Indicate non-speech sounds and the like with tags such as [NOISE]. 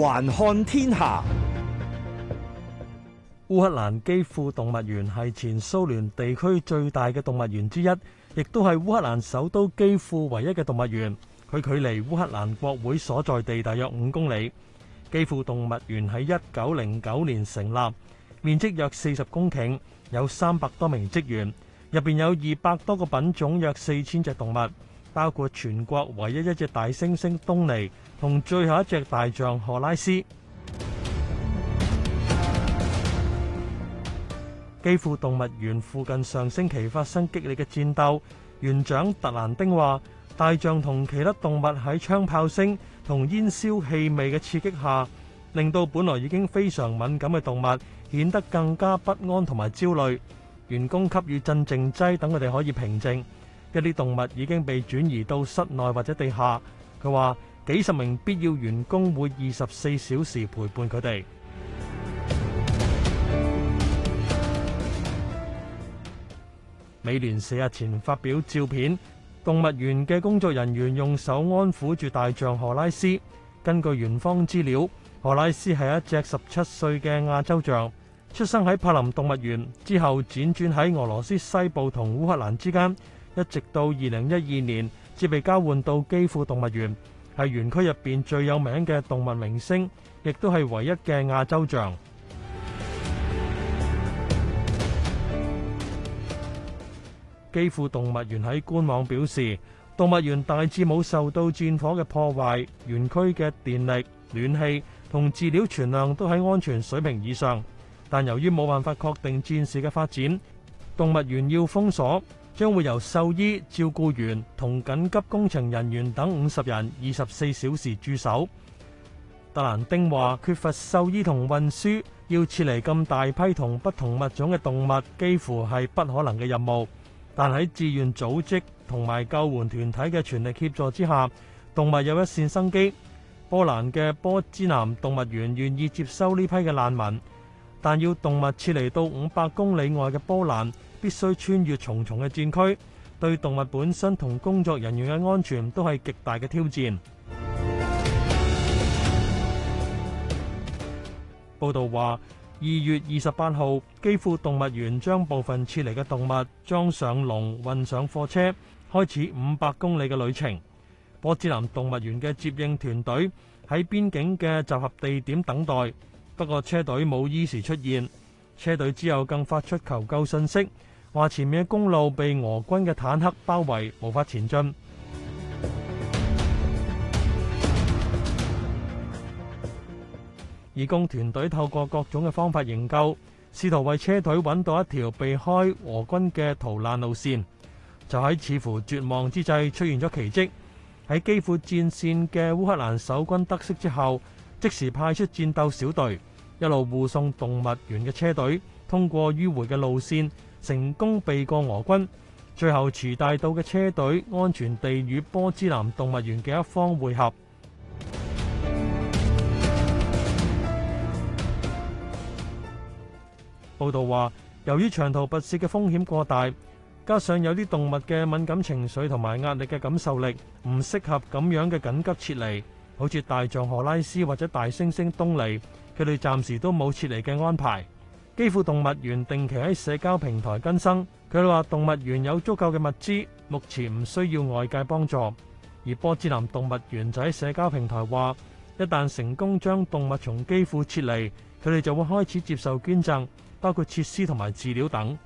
環看天下，烏克蘭基輔動物園係前蘇聯地區最大嘅動物園之一，亦都係烏克蘭首都基輔唯一嘅動物園。佢距離烏克蘭國會所在地大約五公里。基輔動物園喺一九零九年成立，面積約四十公頃，有三百多名職員，入邊有二百多個品種，約四千隻動物。包括全國唯一一隻大猩猩東尼同最後一隻大象荷拉斯，基輔動物園附近上星期發生激烈嘅戰鬥。園長特蘭丁話：大象同其他動物喺槍炮聲同煙硝氣味嘅刺激下，令到本來已經非常敏感嘅動物顯得更加不安同埋焦慮。員工給予鎮靜劑等佢哋可以平靜。一啲動物已經被轉移到室內或者地下。佢話幾十名必要員工會二十四小時陪伴佢哋。美聯四日前發表照片，動物園嘅工作人員用手安撫住大象荷拉斯。根據園方資料，荷拉斯係一隻十七歲嘅亞洲象，出生喺柏林動物園之後，輾轉喺俄羅斯西部同烏克蘭之間。一直到二零一二年，至被交換到基輔動物園，係園區入面最有名嘅動物明星，亦都係唯一嘅亞洲象。基輔動物園喺官網表示，動物園大致冇受到戰火嘅破壞，園區嘅電力、暖氣同飼料存量都喺安全水平以上。但由於冇辦法確定戰事嘅發展，動物園要封鎖。將會由獸醫、照顧員同緊急工程人員等五十人二十四小時駐守。特蘭丁話：缺乏獸醫同運輸，要撤離咁大批同不同物種嘅動物，幾乎係不可能嘅任務。但喺志願組織同埋救援團體嘅全力協助之下，動物有一線生機。波蘭嘅波茲南動物園願意接收呢批嘅難民，但要動物撤離到五百公里外嘅波蘭。必須穿越重重嘅戰區，對動物本身同工作人員嘅安全都係極大嘅挑戰。報道話，二月二十八號，基輔動物園將部分撤離嘅動物裝上籠，運上貨車，開始五百公里嘅旅程。波茲南動物園嘅接應團隊喺邊境嘅集合地點等待，不過車隊冇依時出現。車隊之後更發出求救信息，話前面嘅公路被俄軍嘅坦克包圍，無法前進。義工團隊透過各種嘅方法營救，試圖為車隊揾到一條避開俄軍嘅逃難路線。就喺似乎絕望之際，出現咗奇蹟。喺基輔戰線嘅烏克蘭守軍得悉之後，即時派出戰鬥小隊。一路護送動物園嘅車隊通過迂回嘅路線，成功避過俄軍。最後，徐大道嘅車隊安全地與波茲南動物園嘅一方匯合。 [MUSIC] 報道話，由於長途跋涉嘅風險過大，加上有啲動物嘅敏感情緒同埋壓力嘅感受力，唔適合咁樣嘅緊急撤離，好似大象荷拉斯或者大猩猩東尼。佢哋暫時都冇撤離嘅安排。基輔動物園定期喺社交平台更新，佢哋話動物園有足夠嘅物資，目前唔需要外界幫助。而波茲南動物園就喺社交平台話，一旦成功將動物從基輔撤離，佢哋就會開始接受捐贈，包括設施同埋飼料等。